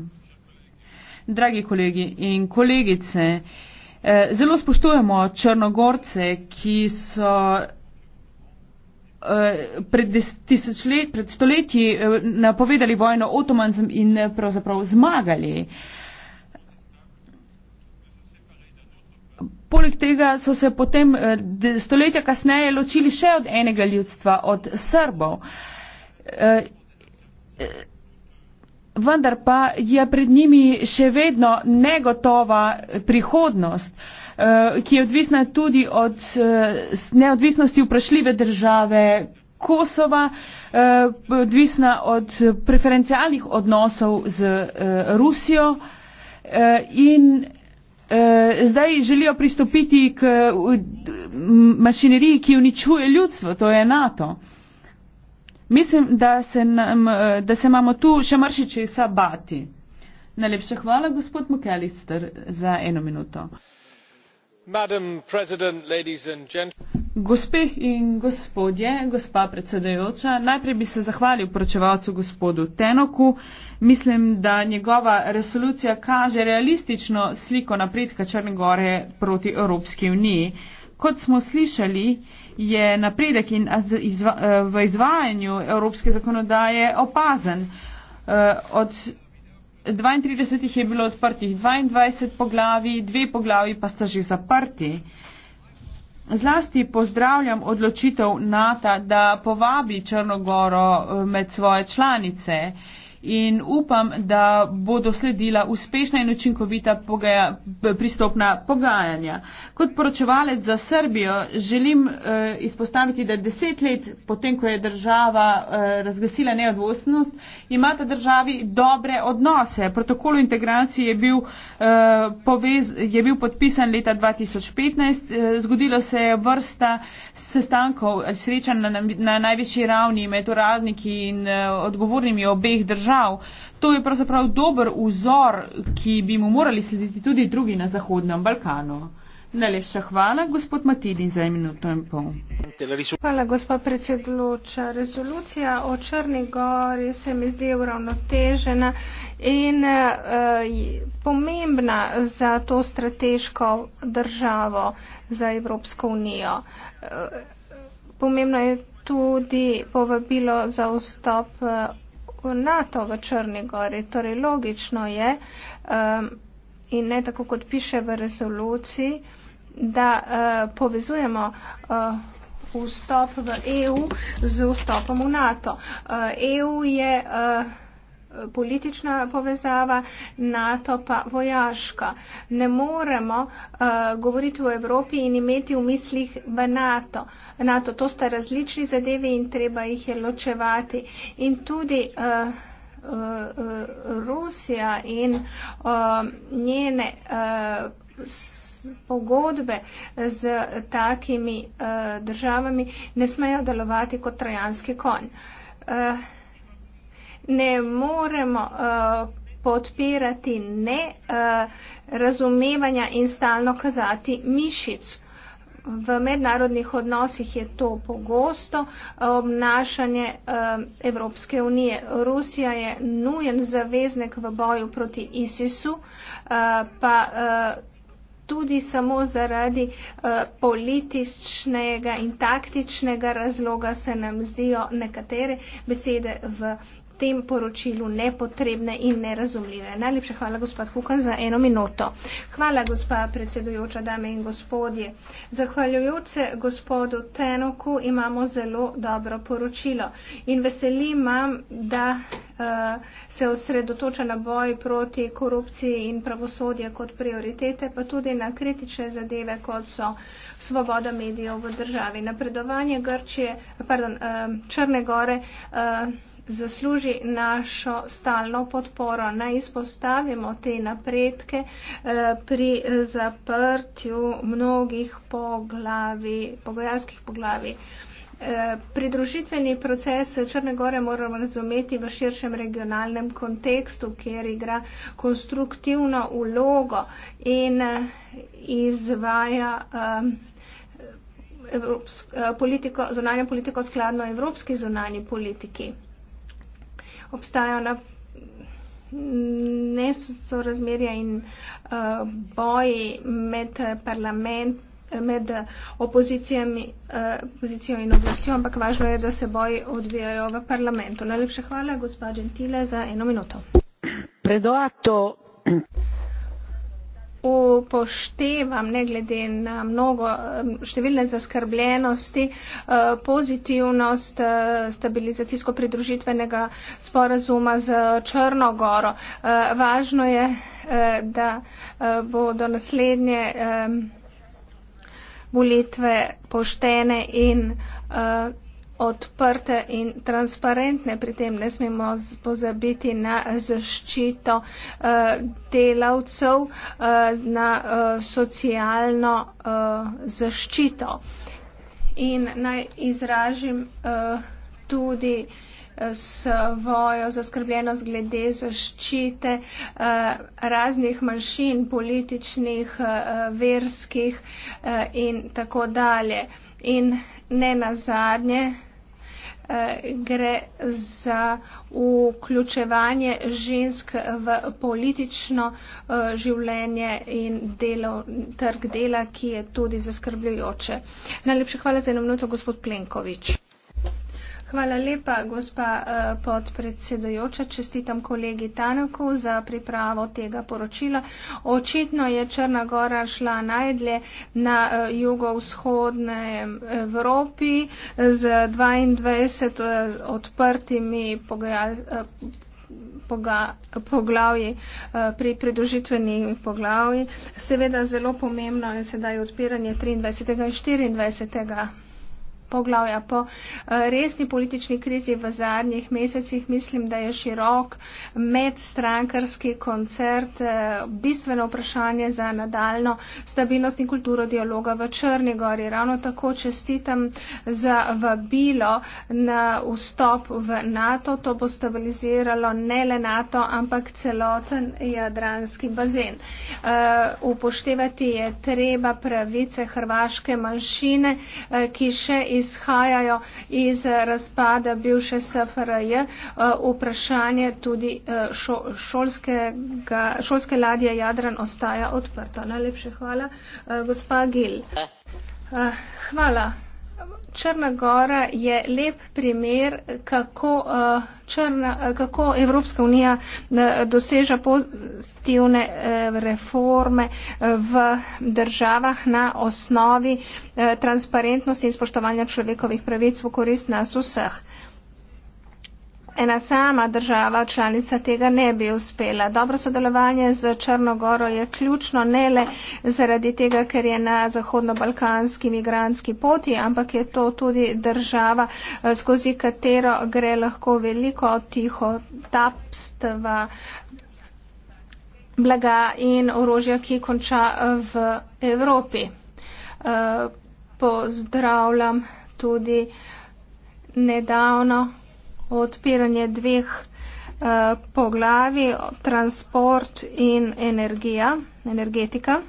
Dragi kolegi in kolegice, Eh, zelo spoštujemo Črnogorce, ki so eh, pred, let, pred stoletji eh, napovedali vojno otomancem in pravzaprav zmagali. Poleg tega so se potem stoletja kasneje ločili še od enega ljudstva, od Srbov vendar pa je pred njimi še vedno negotova prihodnost, eh, ki je odvisna tudi od eh, neodvisnosti vprašljive države Kosova, eh, odvisna od preferencialnih odnosov z Rusijo in zdaj želijo pristopiti k mašineriji, ki uničuje ljudstvo, to je NATO. Mislim, da se, nam, da se imamo tu še mršičesa bati. Najlepša hvala, gospod Mukelister, za eno minuto. Gospe in gospodje, gospa predsedajoča, najprej bi se zahvalil poročevalcu gospodu Tenoku. Mislim, da njegova resolucija kaže realistično sliko napredka Črne Gore proti Evropski uniji. Kot smo slišali, je napredek in izva, eh, v izvajanju evropske zakonodaje opazen. Eh, od 32 jih je bilo odprtih 22 poglavi, dve poglavi pa sta že zaprti. Zlasti pozdravljam odločitev NATO, da povabi Črnogoro eh, med svoje članice in upam, da bodo sledila uspešna in učinkovita pogaja, pristopna pogajanja. Kot poročevalec za Srbijo želim eh, izpostaviti, da deset let potem, ko je država eh, razglasila neodvostnost, imata državi dobre odnose. Protokol integracije je bil, eh, povez, je bil podpisan leta 2015. Eh, zgodilo se je vrsta sestankov, srečanj na, na, na najvišji ravni med uradniki in eh, odgovornimi obeh držav držav. To je pravzaprav dober vzor, ki bi mu morali slediti tudi drugi na Zahodnem Balkanu. Najlepša hvala, gospod Matidin, za minuto in pol. Hvala, gospod predsedujoča. Rezolucija o Črni gori se mi zdi uravnotežena in eh, pomembna za to strateško državo, za Evropsko unijo. Eh, pomembno je tudi povabilo za vstop. Eh, tako NATO v Črni gori. Torej logično je um, in ne tako kot piše v rezoluciji, da uh, povezujemo uh, vstop v EU z vstopom v NATO. Uh, EU je. Uh, politična povezava, NATO pa vojaška. Ne moremo uh, govoriti o Evropi in imeti v mislih v NATO. NATO to sta različni zadevi in treba jih je ločevati. In tudi uh, uh, Rusija in uh, njene uh, pogodbe z takimi uh, državami ne smejo delovati kot trojanski konj. Uh, ne moremo uh, podpirati ne uh, razumevanja in stalno kazati mišic. V mednarodnih odnosih je to pogosto eh, obnašanje Evropske unije. Rusija je nujen zaveznik v boju proti ISIS-u, pa tudi samo zaradi političnega in taktičnega razloga se nam zdijo nekatere besede v tem poročilu nepotrebne in nerazumljive. Najlepša hvala, gospod Kukan, za eno minuto. Hvala, gospa predsedujoča, dame in gospodje. Zahvaljujoč se gospodu Tenoku imamo zelo dobro poročilo in veselim, da uh, se osredotoča na boj proti korupciji in pravosodje kot prioritete, pa tudi na kritične zadeve, kot so svoboda medijev v državi. Napredovanje Grčije, pardon, uh, Črne gore. Uh, zasluži našo stalno podporo. Naj izpostavimo te napredke eh, pri zaprtju mnogih poglavi, pogojarskih poglavi. Eh, pridružitveni proces Črne Gore moramo razumeti v širšem regionalnem kontekstu, kjer igra konstruktivno ulogo in eh, izvaja evropsk, politiko, zonanje politiko skladno evropski zonanje politiki obstajajo na nesorazmerja in uh, eh, boji med parlament, med opozicijami, uh, eh, opozicijo in oblastjo, ampak važno je, da se boji odvijajo v parlamentu. Najlepša hvala, gospa Gentile, za eno minuto. Predoato upoštevam, ne glede na mnogo, številne zaskrbljenosti, eh, pozitivnost eh, stabilizacijsko-pridružitvenega sporazuma z Črnogoro. Eh, važno je, da bodo naslednje volitve poštene in odprte in transparentne. Pri tem ne smemo pozabiti na zaščito eh, delavcev, eh, na eh, socialno zaščito. In naj izražim tudi uh, svojo zaskrbljenost glede zaščite eh, raznih manjšin, političnih, eh, verskih eh, in tako dalje. In ne nazadnje gre za vključevanje žensk v politično življenje in delov, trg dela, ki je tudi zaskrbljujoče. Najlepša hvala za eno minuto, gospod Plenkovič. Hvala lepa, gospa eh, podpredsedujoča. Čestitam kolegi Tanaku za pripravo tega poročila. Očitno je Črna Gora šla najdlje na eh, jugovzhodne eh, Evropi z 22 odprtimi poglavji pri pridružitveni poglavji. Seveda zelo pomembno je sedaj odpiranje 23. in 24 poglavja. Po eh, resni politični krizi v zadnjih mesecih mislim, da je širok medstrankarski koncert eh, bistveno vprašanje za nadaljno stabilnost in kulturo dialoga v Črnegori. Ravno tako čestitam za vabilo na vstop v NATO. To bo stabiliziralo ne le NATO, ampak celoten jadranski bazen. Eh, upoštevati je treba pravice hrvaške manjšine, ki še izhajajo iz razpada bivše SFRJ, eh, vprašanje tudi eh, šolskega, šolske ladje Jadran ostaja odprto. Najlepše hvala, eh, gospa Gil. Hvala. Črna gora je lep primer, kako, uh, črna, kako Evropska unija uh, doseža pozitivne uh, reforme v državah na osnovi transparentnosti in spoštovanja človekovih pravic v korist nas vseh ena sama država članica tega ne bi uspela. Dobro sodelovanje z Črnogoro je ključno ne le zaradi tega, ker je na zahodno-balkanski migranski poti, ampak je to tudi država, eh, skozi katero gre lahko veliko tiho tapstva blaga in orožja, ki konča eh, v Evropi. Eh, pozdravljam tudi nedavno odpiranje dveh eh, poglavi, transport in energija, energetika.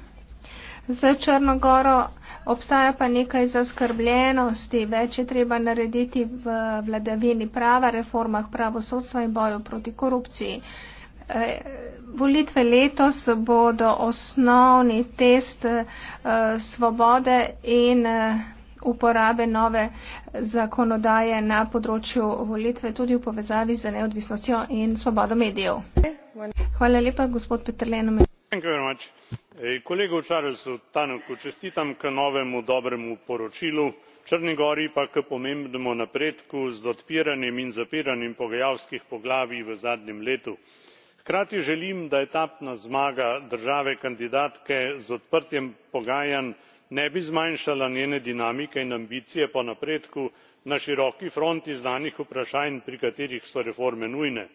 Za Črnogoro obstaja pa nekaj zaskrbljenosti, več je treba narediti v vladavini prava, reformah pravosodstva in boju proti korupciji. Eh, volitve letos bodo osnovni test eh, svobode in uporabe nove zakonodaje na področju volitve tudi v povezavi z neodvisnostjo in svobodo medijev. Hvala lepa, gospod Petrleno. Kolegu Charlesu Tannocku čestitam k novemu dobremu poročilu, Črni gori pa k pomembnemu napredku z odpiranjem in zapiranjem pogajalskih poglavij v zadnjem letu. Hkrati želim da etapna zmaga države kandidatke z odprtjem pogajanj ne bi zmanjšala njene dinamike in ambicije po napredku na široki fronti znanih vprašanj pri katerih so reforme nujne.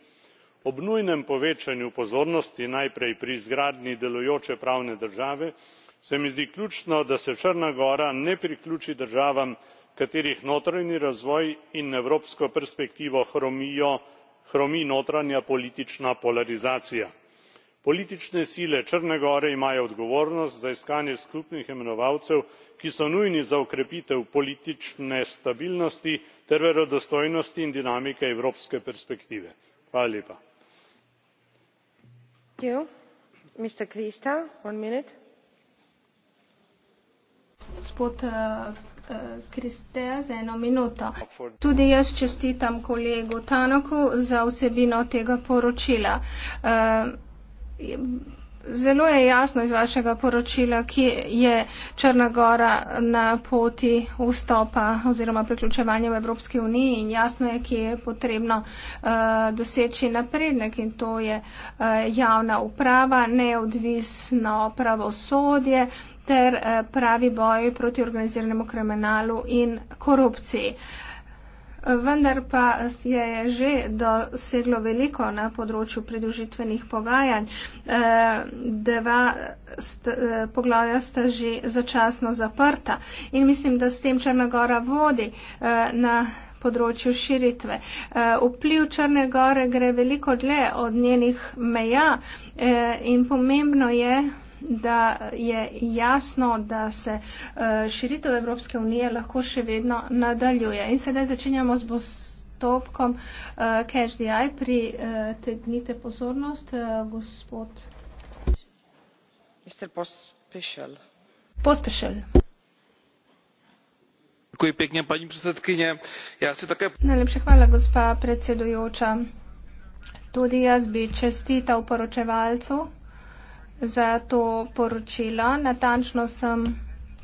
ob nujnem povečanju pozornosti najprej pri izgradnji delujoče pravne države se mi zdi ključno da se črna gora ne priključi državam katerih notranji razvoj in evropsko perspektivo hromijo hromi notranja politična polarizacija politične sile črne gore imajo odgovornost za iskanje skupnih imenovalcev ki so nujni za okrepitev politične stabilnosti ter verodostojnosti in dinamike evropske perspektive. Eh, eh, tudi jaz čestitam kolegu tannocku za vsebino tega poročila. Eh, Zelo je jasno iz vašega poročila, kje je Črna Gora na poti vstopa oziroma priključevanja v Evropski uniji in jasno je, kje je potrebno uh, doseči naprednek in to je uh, javna uprava, neodvisno pravosodje ter uh, pravi boj proti organiziranemu kriminalu in korupciji. Uh, vendar pa je že doseglo veliko na področju pridružitvenih pogajanj. Eh, dva eh, poglavja sta že začasno zaprta in mislim, da s tem Črnagora vodi eh, na področju širitve. Vpliv Črne gore gre veliko dlje od njenih meja in pomembno je, da je jasno, da se eh, širitev Evropske unije lahko še vedno nadaljuje. In sedaj začenjamo z postopkom eh, CashDI. Pritegnite eh, pozornost, gospod. Pospešel. Děkuji pěkně, paní předsedkyně. Já chci také. Nejlepší chvála, gospa předsedujúča. Tudi jaz bi čestital poročevalcu za to poročilo. Natančno sem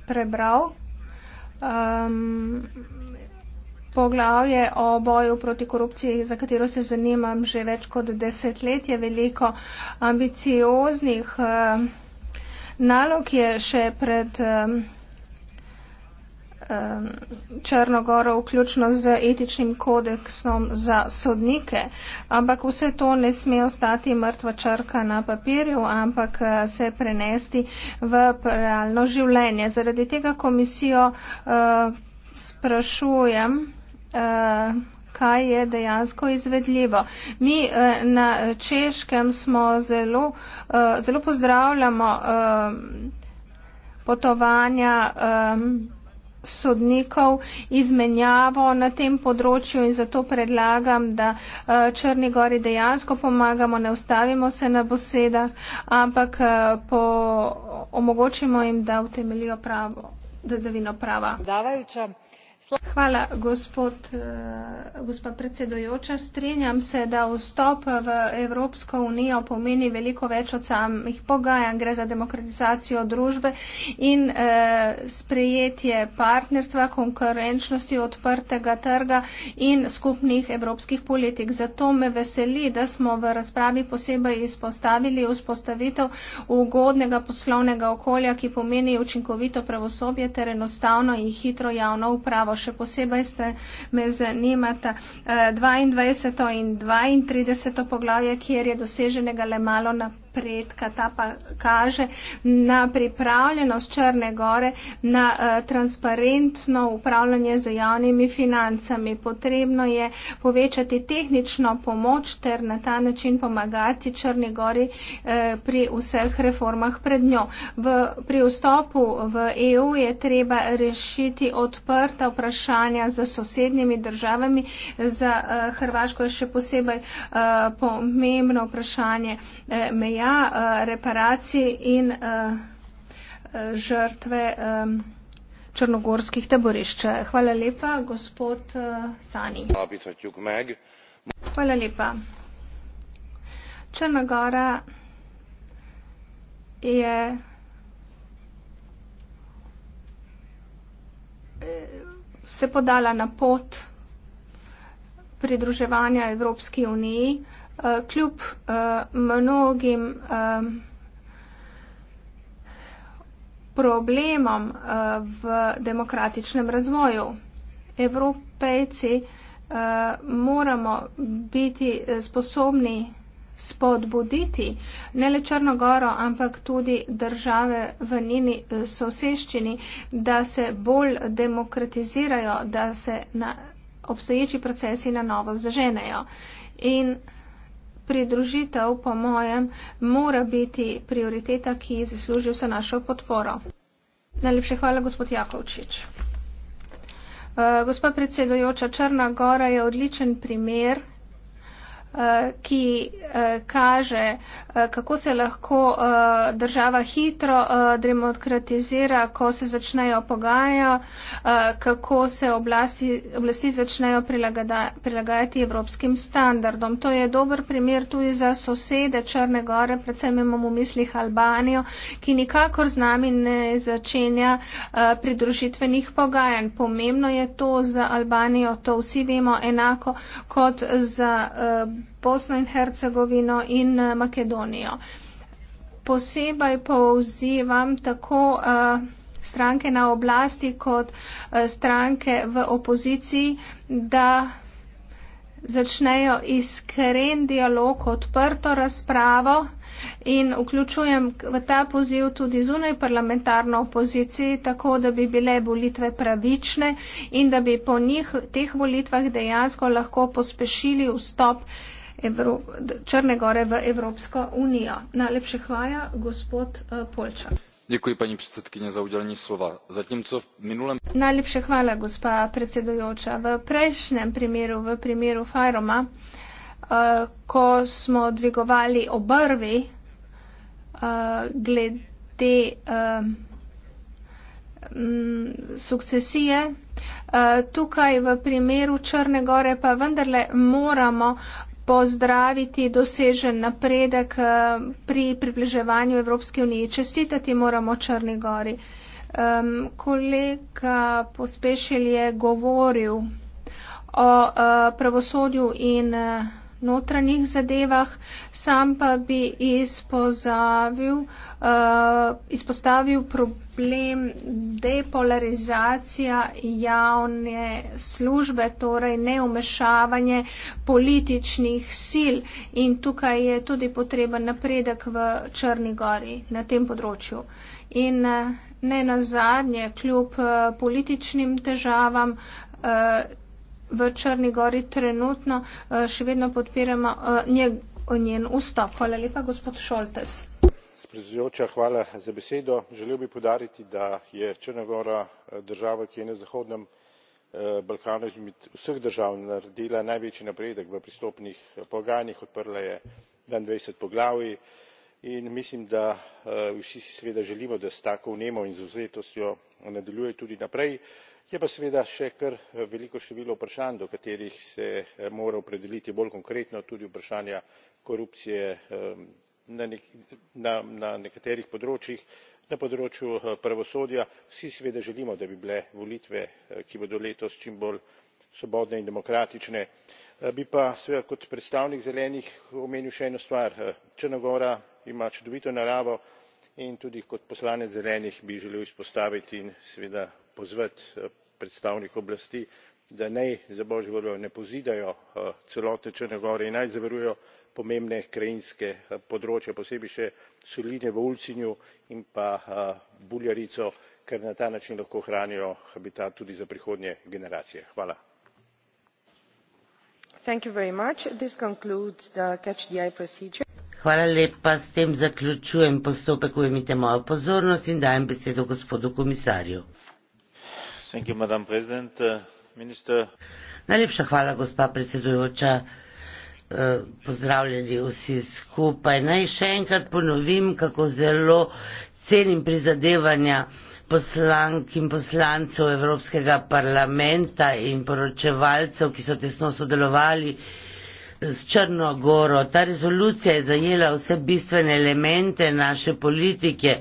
prebral um, poglavje o boju proti korupciji, za katero se zanimam že več kot desetletje. Veliko ambicioznih um, nalog je še pred. Um, um, Črnogoro, vključno z etičnim kodeksom za sodnike. Ampak vse to ne sme ostati mrtva črka na papirju, ampak uh, se prenesti v realno življenje. Zaradi tega komisijo uh, sprašujem. Uh, kaj je dejansko izvedljivo. Mi na Češkem smo zelo, zelo pozdravljamo potovanja ehm, sodnikov izmenjavo na tem področju in zato predlagam, da eh, Črni gori dejansko pomagamo, ne ustavimo se na bosedah, ampak eh, po, omogočimo jim, da utemelijo pravo, da davino prava. Predavajuča, Hvala, gospod, eh, gospod predsedojoča. Strenjam se, da vstop v Evropsko unijo pomeni veliko več od samih pogajanj. Gre za demokratizacijo družbe in eh, sprejetje partnerstva, konkurenčnosti odprtega trga in skupnih evropskih politik. Zato me veseli, da smo v razpravi posebej izpostavili vzpostavitev ugodnega poslovnega okolja, ki pomeni učinkovito pravosobje ter enostavno in hitro javno upravo še posebej ste me zanimata. 22. Eh, in 32. poglavje, kjer je doseženega le malo napredka napredka, ta pa kaže na pripravljenost Črne gore na uh, transparentno upravljanje z javnimi financami. Potrebno je povečati tehnično pomoč ter na ta način pomagati Črni gori uh, pri vseh reformah pred njo. V, pri vstopu v EU je treba rešiti odprta vprašanja za sosednjimi državami, za uh, Hrvaško je še posebej uh, pomembno vprašanje uh, meja na eh, reparaciji in eh, eh, žrtve črnogorskih taborišč. Hvala lepa, gospod Sani. Hvala lepa. Črna gora je se podala na pot pridruževanja Evropski uniji uh, kljub uh, mnogim um, problemom uh, v demokratičnem razvoju. Evropejci uh, moramo biti sposobni spodbuditi ne le Črnogoro, ampak tudi države v njeni soseščini, da se bolj demokratizirajo, da se na obstoječi procesi na novo zaženejo. In pridružitev po mojem mora biti prioriteta, ki zasluži vse našo podporo. Najlepše hvala, gospod Jakovčič. Eh, gospa predsedujoča Črna Gora je odličen primer ki eh, kaže, eh, kako se lahko eh, država hitro demokratizira, ko se začnejo pogajajo, kako se oblasti, oblasti začnejo prilagada, prilagajati evropskim standardom. To je dober primer tudi za sosede Črne Gore, predvsem imamo v mislih Albanijo, ki nikakor z nami ne začenja pridružitvenih pogajanj. Pomembno je to za Albanijo, to vsi vemo enako kot za Bosno in Hercegovino in eh, Makedonijo. Posebej povzivam tako eh, stranke na oblasti kot eh, stranke v opoziciji, da začnejo iskren dialog, odprto razpravo in vključujem v ta poziv tudi zunaj parlamentarno opoziciji, tako da bi bile volitve pravične in da bi po njih, teh volitvah dejansko lahko pospešili vstop Evro, Črne gore v Evropsko unijo. Najlepše hvala, gospod eh, Polčak. Děkuji, paní předsedkyně, za udělení slova. Zatímco v minulém... Najlepše hvala, gospa predsedujoča. V prejšnjem primeru, v primeru Fajroma, uh, Eh, ko smo dvigovali obrvi uh, glede um, sukcesije. Tukaj v primeru Črne gore pa vendarle moramo pozdraviti dosežen napredek pri približevanju Evropske unije. Čestitati moramo Črni gori. Kolega Pospešil je govoril o pravosodju in notranjih zadevah, sam pa bi izpozavil, uh, izpostavil problem depolarizacija javne službe, torej neumešavanje političnih sil in tukaj je tudi potreben napredek v Črni gori na tem področju. In uh, ne nazadnje, kljub uh, političnim težavam, uh, v Črni gori trenutno eh, še vedno podpiramo eh, njeg, njen vstop. Hvala lepa, gospod Šoltes. Predsedujoča, hvala za besedo. Želel bi podariti, da je Črnagora eh, država, ki je na Zahodnem Balkanu izmed vseh držav naredila največji napredek v pristopnih pogajanjih, odprla je 22 poglavij, in mislim da eh, vsi si seveda želimo da s tako vnemo in zavzetostjo nadaljuje tudi naprej je pa seveda še kar eh, veliko število vprašanj do katerih se eh, mora opredeliti bolj konkretno tudi vprašanja korupcije na nekaterih področjih na področju pravosodja vsi si seveda želimo da bi bile volitve ki bodo letos čim bolj svobodne in demokratične bi pa seveda kot predstavnik zelenih omenil še eno stvar črna gora ima čudovito naravo in tudi kot poslanec zelenih bi želel izpostaviti in seveda pozvati eh, predstavnike oblasti da naj za božjo voljo ne pozidajo eh, celotne črne gore in naj zavarujejo pomembna krajinska eh, področja posebej še soline v ulcinju in pa buljarico ker na ta način lahko ohranijo habitat tudi za prihodnje generacije. Hvala lepa, s tem zaključujem postopek, ujemite mojo pozornost in dajem besedo gospodu komisarju. Uh, Najlepša hvala, gospa predsedujoča. Uh, pozdravljeni vsi skupaj. Naj še enkrat ponovim, kako zelo cenim prizadevanja poslank in poslancev Evropskega parlamenta in poročevalcev, ki so tesno sodelovali s Črno Goro. Ta rezolucija je zajela vse bistvene elemente naše politike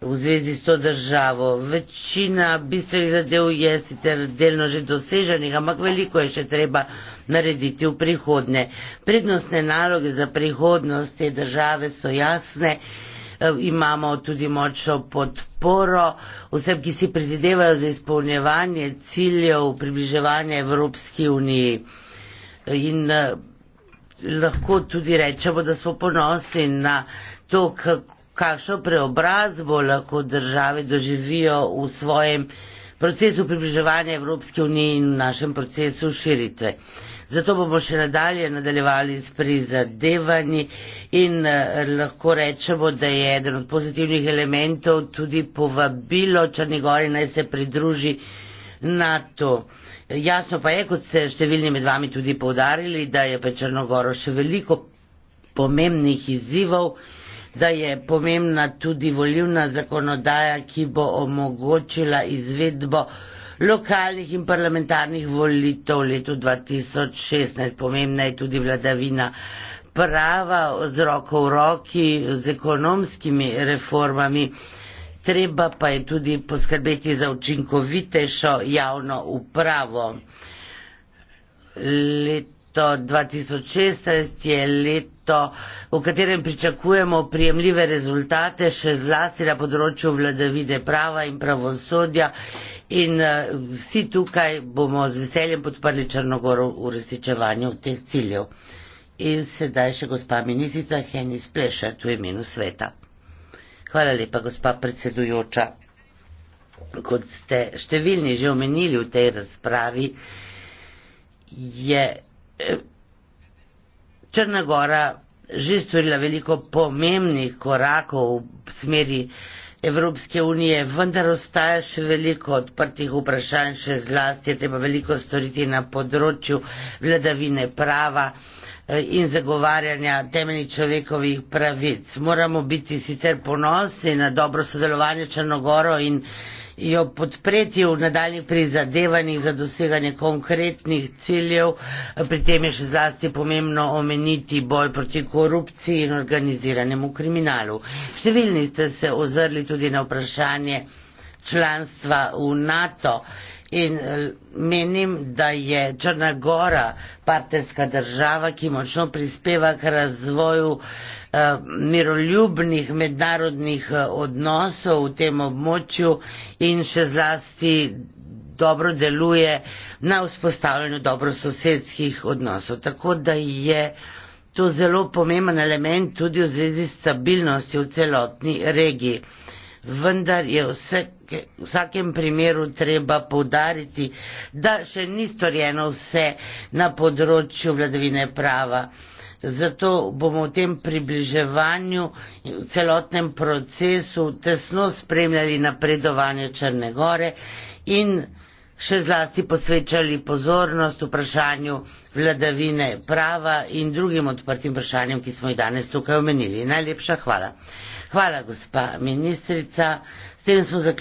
v zvezi s to državo. Večina bistvenih zadev je sicer delno že doseženih, ampak veliko je še treba narediti v prihodnje. Prednostne naloge za prihodnost te države so jasne. E, imamo tudi močno podporo vsem, ki si prizadevajo za izpolnjevanje ciljev približevanja Evropski uniji. In e, lahko tudi rečemo, da smo ponosni na to, kakšno preobrazbo lahko države doživijo v svojem procesu približevanja Evropske unije in v našem procesu širitve. Zato bomo še nadalje nadaljevali s prizadevanji in eh, lahko rečemo, da je eden od pozitivnih elementov tudi povabilo Črnigori naj se pridruži NATO. Jasno pa je, kot ste številni med vami tudi povdarili, da je pred Črnogoro še veliko pomembnih izzivov, da je pomembna tudi volivna zakonodaja, ki bo omogočila izvedbo lokalnih in parlamentarnih volitev v letu 2016. Pomembna je tudi vladavina prava z roko v roki, z ekonomskimi reformami treba pa je tudi poskrbeti za učinkovitejšo javno upravo. Leto 2016 je leto, v katerem pričakujemo prijemljive rezultate, še zlasti na področju vladavide prava in pravosodja. In eh, vsi tukaj bomo z veseljem podprli Črnogoro v uresničevanju teh ciljev. In sedaj še gospa ministrica Henis Pleša, tu je imenu sveta. Hvala lepa, gospa predsedujoča. Kot ste številni že omenili v tej razpravi, je eh, Črna Gora že storila veliko pomembnih korakov v smeri Evropske unije, vendar ostaja še veliko odprtih vprašanj, še zlasti je treba veliko storiti na področju vladavine prava, in zagovarjanja temeljnih človekovih pravic. Moramo biti sicer ponosni na dobro sodelovanje Črnogoro in jo podpreti v nadaljnih prizadevanjih za doseganje konkretnih ciljev. Pri tem je še zlasti pomembno omeniti boj proti korupciji in organiziranemu kriminalu. Številni ste se ozrli tudi na vprašanje članstva v NATO in eh, menim, da je Črnagora partnerska država, ki močno prispeva k razvoju eh, miroljubnih mednarodnih eh, odnosov v tem območju in še zlasti dobro deluje na vzpostavljanju dobrososedskih odnosov. Tako da je to zelo pomemben element tudi v zvezi s stabilnostjo v celotni regiji. Vendar je vse razlike. V vsakem primeru treba povdariti, da še ni storjeno vse na področju vladavine prava. Zato bomo v tem približevanju in v celotnem procesu tesno spremljali napredovanje Črne Gore in še zlasti posvečali pozornost vprašanju vladavine prava in drugim odprtim vprašanjem, ki smo jih danes tukaj omenili. Najlepša hvala. Hvala, gospa ministrica. S tem smo zaključili.